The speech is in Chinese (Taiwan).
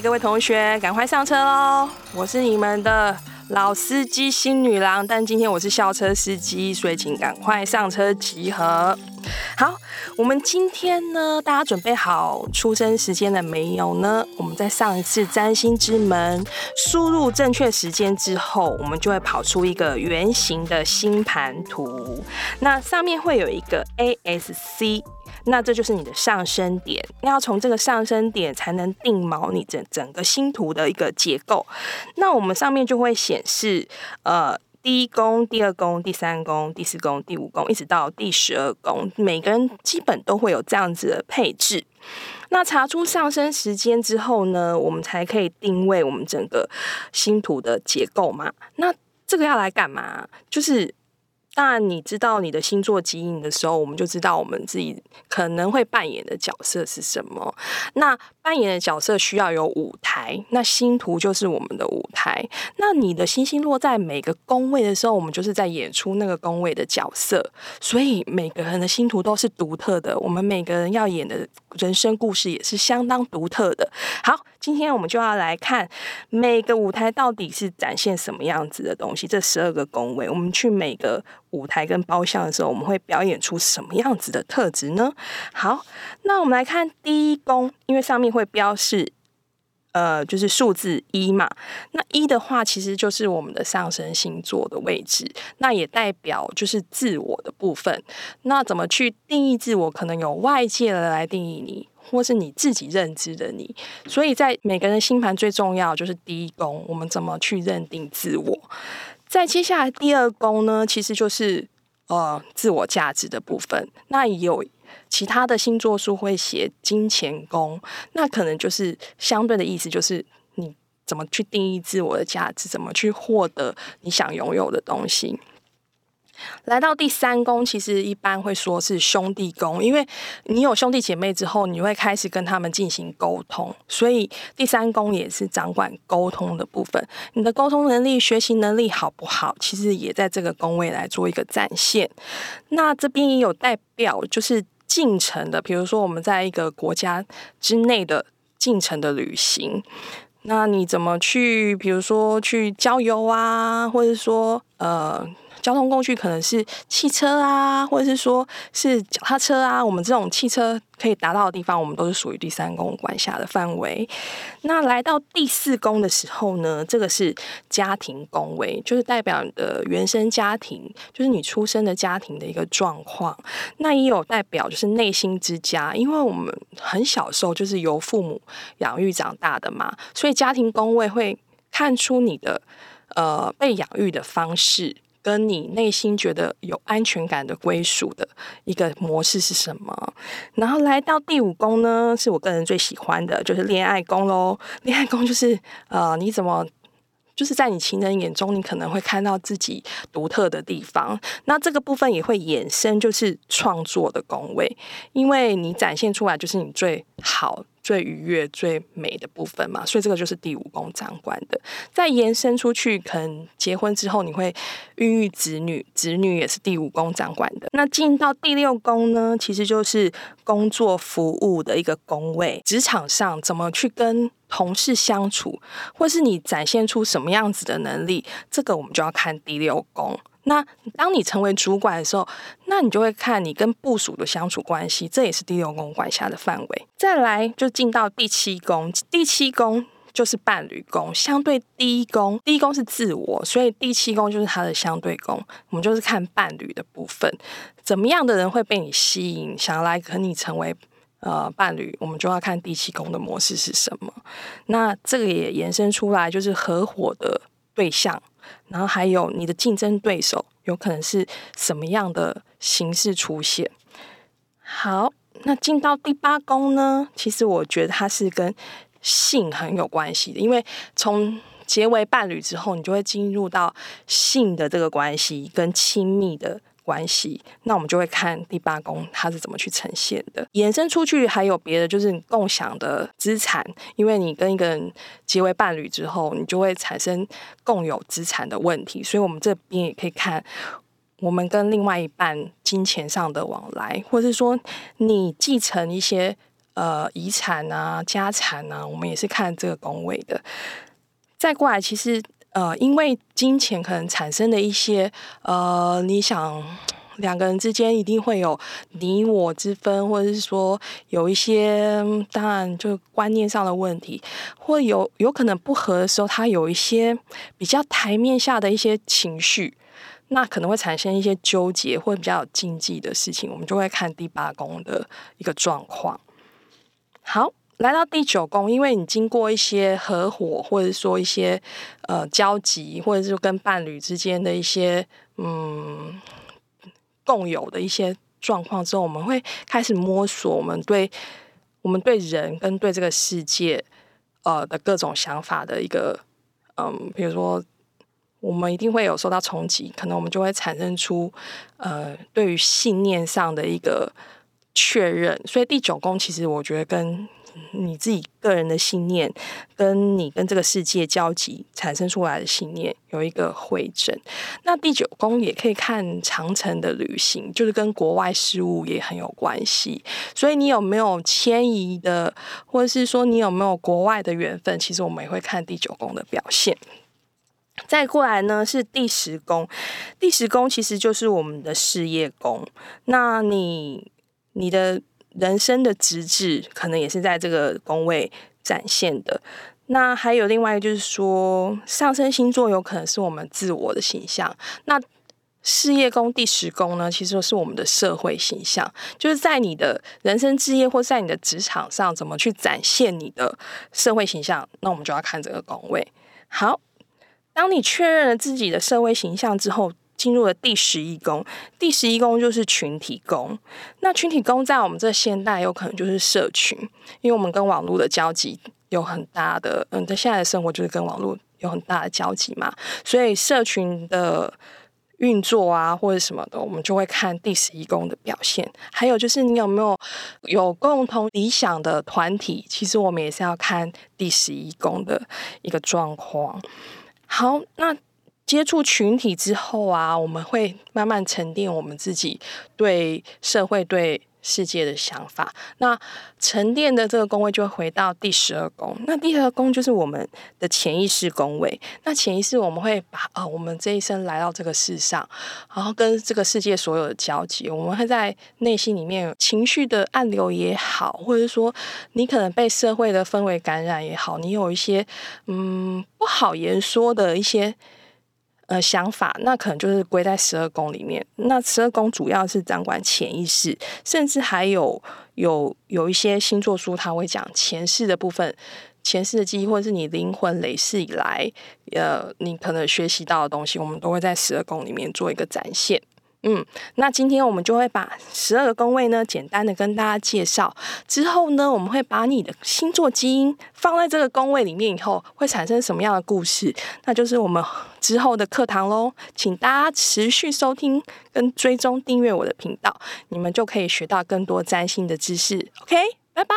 各位同學，趕快上車嘍！我是你們的老司機星女郎，但今天我是校車司機，所以請趕快上車集合。好，我們今天呢，大家準備好出生時間了沒有呢？我們在上一次占星之門輸入正確時間之後，我們就會跑出一個圓形的星盤圖。那上面會有一個 ASC，那這就是你的上升點。要從這個上升點才能定錨你整整個星圖的一個結構。那我們上面就會顯示，呃。第一宮、第二宮、第三宮、第四宮、第五宮，一直到第十二宮，每個人基本都會有這樣子的配置。那查出上升時間之後呢，我們才可以定位我們整個星圖的結構嘛。那這個要來幹嘛？就是。當然，那你知道你的星座基因的時候，我們就知道我們自己可能會扮演的角色是什麼。那扮演的角色需要有舞台，那星圖就是我們的舞台。那你的星星落在每個宮位的時候，我們就是在演出那個宮位的角色。所以每個人的星圖都是獨特的，我們每個人要演的人生故事也是相當獨特的。好。今天我們就要來看每個舞台到底是展現什麼樣子的東西。這十二個宮位，我們去每個舞台跟包廂的時候，我們會表演出什麼樣子的特質呢？好，那我們來看第一宮，因為上面會標示，呃，就是數字一嘛。那一的話，其實就是我們的上升星座的位置，那也代表就是自我的部分。那怎麼去定義自我？可能有外界的來定義你。或是你自己認知的你，所以在每個人星盤最重要就是第一宮，我們怎麼去認定自我。在接下來第二宮呢，其實就是呃自我價值的部分。那有其他的星座書會寫金錢宮，那可能就是相對的意思，就是你怎麼去定義自我的價值，怎麼去獲得你想擁有的東西。來到第三宮，其實一般會說是兄弟宮，因為你有兄弟姐妹之後，你會開始跟他們進行溝通，所以第三宮也是掌管溝通的部分。你的溝通能力、學習能力好不好，其實也在這個宮位來做一個展現。那這邊也有代表就是近程的，比如說我們在一個國家之內的近程的旅行，那你怎麼去？比如說去郊遊啊，或者說。呃，交通工具可能是汽車啊，或者是說是腳踏車啊。我們這種汽車可以達到的地方，我們都是屬於第三宮管轄的範圍。那來到第四宮的時候呢，這個是家庭宮位，就是代表你的原生家庭，就是你出生的家庭的一個狀況。那也有代表就是內心之家，因為我們很小時候就是由父母養育長大的嘛，所以家庭宮位會看出你的。呃，被養育的方式跟你內心覺得有安全感的歸屬的一個模式是什麼？然後來到第五宮呢，是我個人最喜歡的，就是戀愛宮嘍。戀愛宮就是呃，你怎麼就是在你情人眼中，你可能會看到自己獨特的地方。那這個部分也會衍生就是創作的宮位，因為你展現出來就是你最好的。最愉悅、最美的部分嘛，所以這個就是第五宮掌管的。再延伸出去，可能結婚之後你會孕育子女，子女也是第五宮掌管的。那進到第六宮呢，其實就是工作、服務的一個宮位。職場上怎麼去跟同事相處，或是你展現出什麼樣子的能力，這個我們就要看第六宮。那當你成為主管的時候，那你就會看你跟部屬的相處關係，這也是第六宮管轄的範圍。再來就進到第七宮，第七宮就是伴侶宮，相對第一宮，第一宮是自我，所以第七宮就是它的相對宮，我們就是看伴侶的部分，怎麼樣的人會被你吸引，想要來和你成為呃伴侶，我們就要看第七宮的模式是什麼。那這個也延伸出來就是合夥的對象。然後還有你的競爭對手，有可能是什麼樣的形式出現？好，那進到第八宮呢？其實我覺得它是跟性很有關係的，因為從結為伴侶之後，你就會進入到性的這個關係跟親密的關係，那我們就會看第八宮它是怎麼去呈現的，衍生出去還有別的，就是你共享的資產，因為你跟一個人結為伴侶之後，你就會產生共有資產的問題，所以我們這邊也可以看我們跟另外一半金錢上的往來，或者是說你繼承一些呃遺產啊、家產啊，我們也是看這個宮位的。再過來，其實。呃，因為金錢可能產生的一些，呃，你想兩個人之間一定會有你我之分，或者是說有一些，當然就是觀念上的問題，或有有可能不合的時候，他有一些比較台面下的一些情緒，那可能會產生一些糾結，或者比較禁忌的事情，我們就會看第八宮的一個狀況。好。來到第九宮，因為你經過一些合夥，或者是說一些呃交集，或者是跟伴侶之間的一些嗯共有的一些狀況之後，我們會開始摸索我們對我們對人跟對這個世界呃的各種想法的一個嗯、呃，比如說我們一定會有受到衝擊，可能我們就會產生出呃對於信念上的一個確認。所以第九宮其實我覺得跟你自己個人的信念，跟你跟這個世界交集產生出來的信念有一個匯整。那第九宮也可以看長程的旅行，就是跟國外事務也很有關係。所以你有沒有遷移的，或者是說你有沒有國外的緣分，其實我們也會看第九宮的表現。再過來呢是第十宮，第十宮其實就是我們的事業宮。那你你的。人生的志業可能也是在這個宮位展現的。那還有另外一個就是說，上升星座有可能是我們自我的形象。那事業宮、第十宮呢，其實都是我們的社會形象，就是在你的人生志業或在你的職場上，怎麼去展現你的社會形象。那我們就要看這個宮位。好，當你確認了自己的社會形象之後。進入了第十一宮，第十一宮就是群體宮。那群體宮在我們這現代有可能就是社群，因為我們跟網絡的交集有很大的，嗯，在現在的生活就是跟網絡有很大的交集嘛，所以社群的運作啊，或者什麼的，我們就會看第十一宮的表現。還有就是你有沒有有共同理想的團體，其實我們也是要看第十一宮的一個狀況。好，那。接觸群體之後啊，我們會慢慢沉澱我們自己對社會、對世界的想法。那沉澱的這個宮位就會回到第十二宮。那第二宮就是我們的潛意識宮位。那潛意識我們會把啊、哦，我們這一生來到這個世上，然後跟這個世界所有的交集，我們會在內心裡面有情緒的暗流也好，或者是說你可能被社會的氛圍感染也好，你有一些嗯不好言說的一些。呃，想法，那可能就是歸在十二宮裡面。那十二宮主要是掌管潛意識，甚至還有有有一些星座書他會講前世的部分，前世的記憶或者是你靈魂累世以來，呃，你可能學習到的東西，我們都會在十二宮裡面做一個展現。嗯，那今天我們就會把十二個宮位呢，簡單的跟大家介紹。之後呢，我們會把你的星座基因放在這個宮位裡面，以後會產生什麼樣的故事？那就是我們之後的課堂嘍，請大家持續收聽跟追蹤訂閱我的頻道，你們就可以學到更多占星的知識。OK，拜拜。